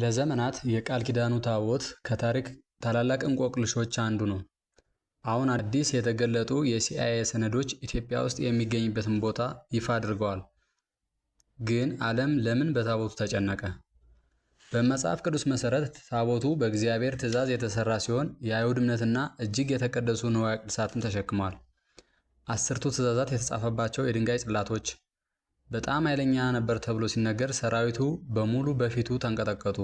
ለዘመናት የቃል ኪዳኑ ታቦት ከታሪክ ታላላቅ እንቆቅልሾች አንዱ ነው። አሁን አዲስ የተገለጡ የሲአይኤ ሰነዶች ኢትዮጵያ ውስጥ የሚገኝበትን ቦታ ይፋ አድርገዋል። ግን ዓለም ለምን በታቦቱ ተጨነቀ? በመጽሐፍ ቅዱስ መሠረት ታቦቱ በእግዚአብሔር ትእዛዝ የተሰራ ሲሆን የአይሁድ እምነትና እጅግ የተቀደሱ ንዋየ ቅድሳትን ተሸክሟል። አስርቱ ትእዛዛት የተጻፈባቸው የድንጋይ ጽላቶች በጣም ኃይለኛ ነበር ተብሎ ሲነገር ሰራዊቱ በሙሉ በፊቱ ተንቀጠቀጡ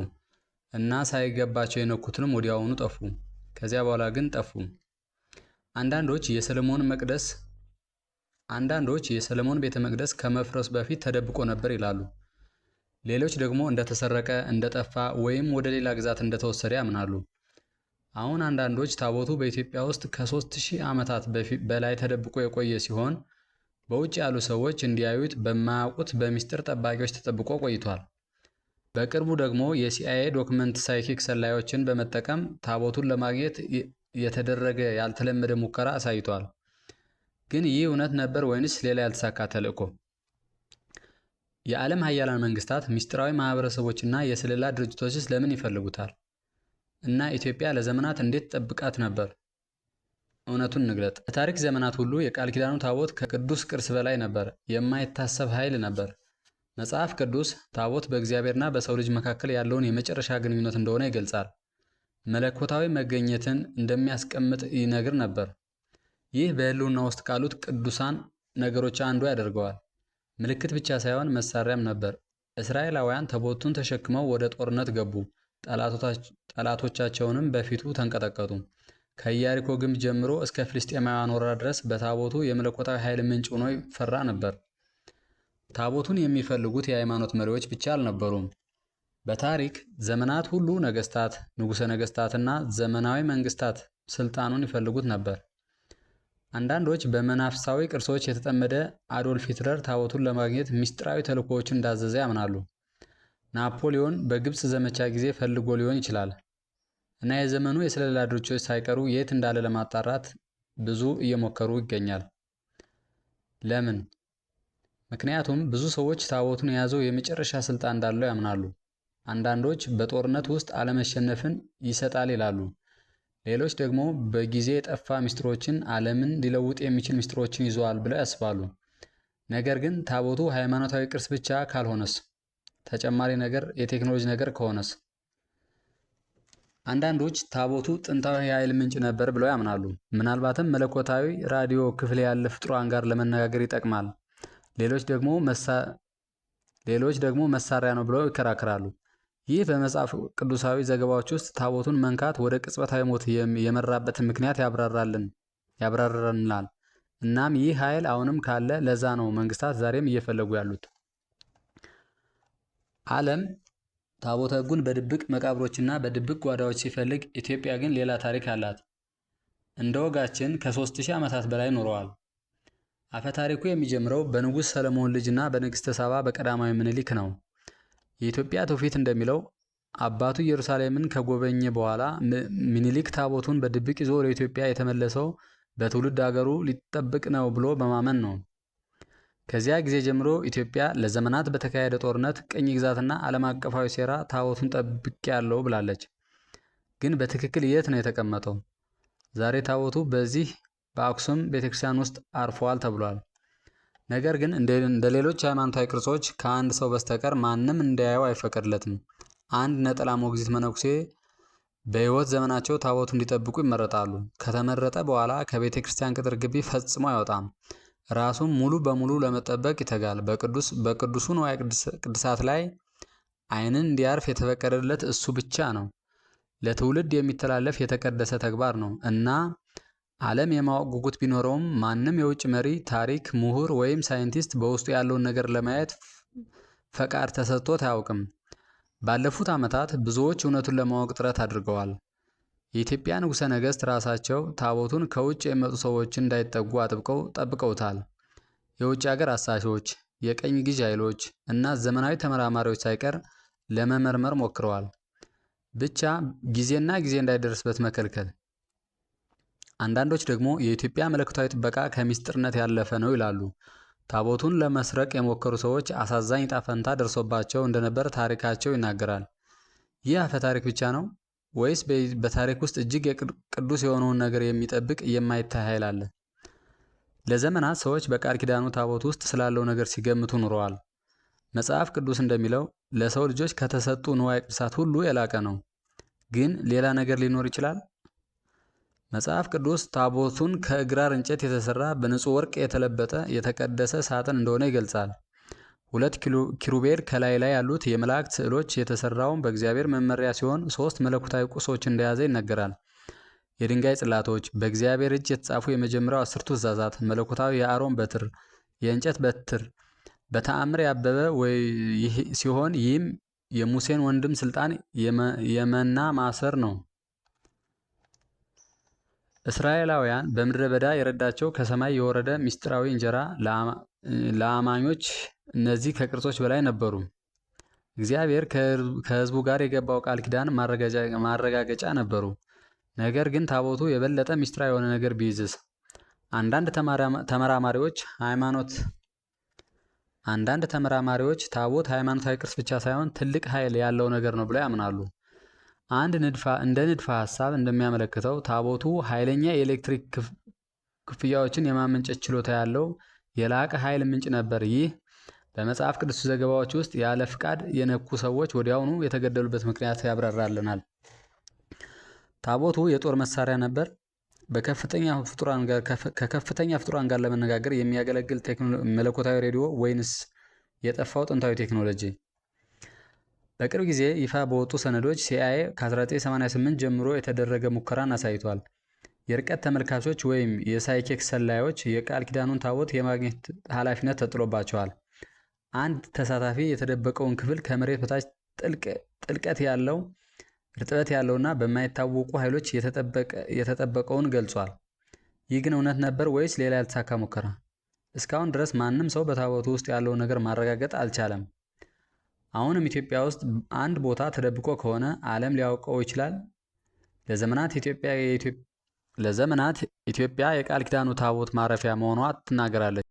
እና ሳይገባቸው የነኩትንም ወዲያውኑ ጠፉ። ከዚያ በኋላ ግን ጠፉ። አንዳንዶች የሰለሞን መቅደስ አንዳንዶች የሰለሞን ቤተ መቅደስ ከመፍረሱ በፊት ተደብቆ ነበር ይላሉ። ሌሎች ደግሞ እንደተሰረቀ፣ እንደጠፋ ወይም ወደ ሌላ ግዛት እንደተወሰደ ያምናሉ። አሁን አንዳንዶች ታቦቱ በኢትዮጵያ ውስጥ ከሶስት ሺህ ዓመታት በላይ ተደብቆ የቆየ ሲሆን በውጭ ያሉ ሰዎች እንዲያዩት በማያውቁት በሚስጥር ጠባቂዎች ተጠብቆ ቆይቷል። በቅርቡ ደግሞ የሲአይኤ ዶክመንት ሳይኪክ ሰላዮችን በመጠቀም ታቦቱን ለማግኘት የተደረገ ያልተለመደ ሙከራ አሳይቷል። ግን ይህ እውነት ነበር ወይንስ ሌላ ያልተሳካ ተልእኮ? የዓለም ሀያላን መንግስታት ምስጢራዊ ማህበረሰቦችና የስለላ ድርጅቶችስ ለምን ይፈልጉታል? እና ኢትዮጵያ ለዘመናት እንዴት ጠብቃት ነበር? እውነቱን እንግለጥ። በታሪክ ዘመናት ሁሉ የቃል ኪዳኑ ታቦት ከቅዱስ ቅርስ በላይ ነበር፣ የማይታሰብ ኃይል ነበር። መጽሐፍ ቅዱስ ታቦት በእግዚአብሔርና በሰው ልጅ መካከል ያለውን የመጨረሻ ግንኙነት እንደሆነ ይገልጻል። መለኮታዊ መገኘትን እንደሚያስቀምጥ ይነግር ነበር። ይህ በሕልውና ውስጥ ካሉት ቅዱሳን ነገሮች አንዱ ያደርገዋል። ምልክት ብቻ ሳይሆን መሳሪያም ነበር። እስራኤላውያን ታቦቱን ተሸክመው ወደ ጦርነት ገቡ፣ ጠላቶቻቸውንም በፊቱ ተንቀጠቀጡ። ከኢያሪኮ ግንብ ጀምሮ እስከ ፍልስጤማውያን ወረራ ድረስ በታቦቱ የመለኮታዊ ኃይል ምንጭ ሆኖ ይፈራ ነበር። ታቦቱን የሚፈልጉት የሃይማኖት መሪዎች ብቻ አልነበሩም። በታሪክ ዘመናት ሁሉ ነገስታት፣ ንጉሠ ነገስታትና ዘመናዊ መንግስታት ስልጣኑን ይፈልጉት ነበር። አንዳንዶች በመናፍሳዊ ቅርሶች የተጠመደ አዶልፍ ሂትለር ታቦቱን ለማግኘት ምስጢራዊ ተልእኮዎችን እንዳዘዘ ያምናሉ። ናፖሊዮን በግብፅ ዘመቻ ጊዜ ፈልጎ ሊሆን ይችላል። እና የዘመኑ የስለላ ድርጅቶች ሳይቀሩ የት እንዳለ ለማጣራት ብዙ እየሞከሩ ይገኛል። ለምን? ምክንያቱም ብዙ ሰዎች ታቦቱን የያዘው የመጨረሻ ስልጣን እንዳለው ያምናሉ። አንዳንዶች በጦርነት ውስጥ አለመሸነፍን ይሰጣል ይላሉ። ሌሎች ደግሞ በጊዜ የጠፋ ምስጢሮችን፣ ዓለምን ሊለውጥ የሚችል ምስጢሮችን ይዘዋል ብለው ያስባሉ። ነገር ግን ታቦቱ ሃይማኖታዊ ቅርስ ብቻ ካልሆነስ? ተጨማሪ ነገር የቴክኖሎጂ ነገር ከሆነስ? አንዳንዶች ታቦቱ ጥንታዊ የኃይል ምንጭ ነበር ብለው ያምናሉ። ምናልባትም መለኮታዊ ራዲዮ ክፍል ያለ ፍጡራን ጋር ለመነጋገር ይጠቅማል። ሌሎች ደግሞ መሳሪያ ነው ብለው ይከራከራሉ። ይህ በመጽሐፍ ቅዱሳዊ ዘገባዎች ውስጥ ታቦቱን መንካት ወደ ቅጽበታዊ ሞት የመራበትን ምክንያት ያብራራልን ያብራራልናል። እናም ይህ ኃይል አሁንም ካለ ለዛ ነው መንግስታት ዛሬም እየፈለጉ ያሉት ዓለም ታቦተ ሕጉን በድብቅ መቃብሮችና በድብቅ ጓዳዎች ሲፈልግ፣ ኢትዮጵያ ግን ሌላ ታሪክ አላት። እንደ ወጋችን ከ3000 ዓመታት በላይ ኖረዋል። አፈ ታሪኩ የሚጀምረው በንጉሥ ሰለሞን ልጅና በንግሥተ ሳባ በቀዳማዊ ምኒልክ ነው። የኢትዮጵያ ትውፊት እንደሚለው አባቱ ኢየሩሳሌምን ከጎበኘ በኋላ ምኒልክ ታቦቱን በድብቅ ይዞ ወደ ኢትዮጵያ የተመለሰው በትውልድ አገሩ ሊጠብቅ ነው ብሎ በማመን ነው። ከዚያ ጊዜ ጀምሮ ኢትዮጵያ ለዘመናት በተካሄደ ጦርነት፣ ቅኝ ግዛትና ዓለም አቀፋዊ ሴራ ታቦቱን ያለው ብላለች። ግን በትክክል የት ነው የተቀመጠው? ዛሬ ታቦቱ በዚህ በአክሱም ቤተክርስቲያን ውስጥ አርፏል ተብሏል። ነገር ግን እንደ ሌሎች ሃይማኖታዊ ቅርሶች ከአንድ ሰው በስተቀር ማንም እንዲያየው አይፈቀድለትም። አንድ ነጠላ ሞግዚት መነኩሴ በሕይወት ዘመናቸው ታቦቱ እንዲጠብቁ ይመረጣሉ። ከተመረጠ በኋላ ከቤተ ክርስቲያን ቅጥር ግቢ ፈጽሞ አይወጣም። ራሱን ሙሉ በሙሉ ለመጠበቅ ይተጋል። በቅዱስ በቅዱሱ ንዋየ ቅድሳት ላይ ዓይንን እንዲያርፍ የተፈቀደለት እሱ ብቻ ነው። ለትውልድ የሚተላለፍ የተቀደሰ ተግባር ነው እና ዓለም የማወቅ ጉጉት ቢኖረውም ማንም የውጭ መሪ፣ ታሪክ ምሁር ወይም ሳይንቲስት በውስጡ ያለውን ነገር ለማየት ፈቃድ ተሰጥቶት አያውቅም። ባለፉት ዓመታት ብዙዎች እውነቱን ለማወቅ ጥረት አድርገዋል። የኢትዮጵያ ንጉሠ ነገሥት ራሳቸው ታቦቱን ከውጭ የመጡ ሰዎች እንዳይጠጉ አጥብቀው ጠብቀውታል። የውጭ አገር አሳሾች፣ የቀኝ ግዥ ኃይሎች እና ዘመናዊ ተመራማሪዎች ሳይቀር ለመመርመር ሞክረዋል። ብቻ ጊዜና ጊዜ እንዳይደርስበት መከልከል። አንዳንዶች ደግሞ የኢትዮጵያ መለኮታዊ ጥበቃ ከሚስጥርነት ያለፈ ነው ይላሉ። ታቦቱን ለመስረቅ የሞከሩ ሰዎች አሳዛኝ ጣፈንታ ደርሶባቸው እንደነበር ታሪካቸው ይናገራል። ይህ አፈ ታሪክ ብቻ ነው? ወይስ በታሪክ ውስጥ እጅግ ቅዱስ የሆነውን ነገር የሚጠብቅ የማይታይ ኃይል አለ? ለዘመናት ሰዎች በቃል ኪዳኑ ታቦት ውስጥ ስላለው ነገር ሲገምቱ ኑረዋል። መጽሐፍ ቅዱስ እንደሚለው ለሰው ልጆች ከተሰጡ ንዋይ ቅድሳት ሁሉ የላቀ ነው። ግን ሌላ ነገር ሊኖር ይችላል? መጽሐፍ ቅዱስ ታቦቱን ከእግራር እንጨት የተሰራ በንጹህ ወርቅ የተለበጠ የተቀደሰ ሳጥን እንደሆነ ይገልጻል። ሁለት ኪሩቤል ከላይ ላይ ያሉት የመላእክት ስዕሎች የተሰራውን በእግዚአብሔር መመሪያ ሲሆን ሶስት መለኮታዊ ቁሶች እንደያዘ ይነገራል። የድንጋይ ጽላቶች፣ በእግዚአብሔር እጅ የተጻፉ የመጀመሪያው አስርቱ ትእዛዛት፣ መለኮታዊ የአሮን በትር፣ የእንጨት በትር በተአምር ያበበ ሲሆን ይህም የሙሴን ወንድም ስልጣን የመና ማሰር ነው። እስራኤላውያን በምድረ በዳ የረዳቸው ከሰማይ የወረደ ምስጢራዊ እንጀራ ለአማኞች እነዚህ ከቅርጾች በላይ ነበሩ። እግዚአብሔር ከሕዝቡ ጋር የገባው ቃል ኪዳን ማረጋገጫ ነበሩ። ነገር ግን ታቦቱ የበለጠ ምስጢራዊ የሆነ ነገር ቢይዝስ? አንዳንድ ተመራማሪዎች ሃይማኖት አንዳንድ ተመራማሪዎች ታቦት ሃይማኖታዊ ቅርስ ብቻ ሳይሆን ትልቅ ኃይል ያለው ነገር ነው ብለው ያምናሉ። አንድ ንድፋ እንደ ንድፈ ሐሳብ እንደሚያመለክተው ታቦቱ ኃይለኛ የኤሌክትሪክ ክፍያዎችን የማመንጨት ችሎታ ያለው የላቀ ኃይል ምንጭ ነበር። ይህ በመጽሐፍ ቅዱስ ዘገባዎች ውስጥ ያለ ፍቃድ የነኩ ሰዎች ወዲያውኑ የተገደሉበት ምክንያት ያብራራልናል። ታቦቱ የጦር መሳሪያ ነበር። በከፍተኛ ፍጡራን ጋር ከከፍተኛ ፍጡራን ጋር ለመነጋገር የሚያገለግል መለኮታዊ ሬዲዮ ወይንስ የጠፋው ጥንታዊ ቴክኖሎጂ? በቅርብ ጊዜ ይፋ በወጡ ሰነዶች ሲአይኤ ከ1988 ጀምሮ የተደረገ ሙከራን አሳይቷል። የርቀት ተመልካቾች ወይም የሳይኬክ ሰላዮች የቃል ኪዳኑን ታቦት የማግኘት ኃላፊነት ተጥሎባቸዋል። አንድ ተሳታፊ የተደበቀውን ክፍል ከመሬት በታች ጥልቀት ያለው እርጥበት ያለውና በማይታወቁ ኃይሎች የተጠበቀውን ገልጿል። ይህ ግን እውነት ነበር ወይስ ሌላ ያልተሳካ ሙከራ? እስካሁን ድረስ ማንም ሰው በታቦቱ ውስጥ ያለውን ነገር ማረጋገጥ አልቻለም። አሁንም ኢትዮጵያ ውስጥ አንድ ቦታ ተደብቆ ከሆነ ዓለም ሊያውቀው ይችላል። ለዘመናት ኢትዮጵያ ለዘመናት ኢትዮጵያ የቃል ኪዳኑ ታቦት ማረፊያ መሆኗ ትናገራለች።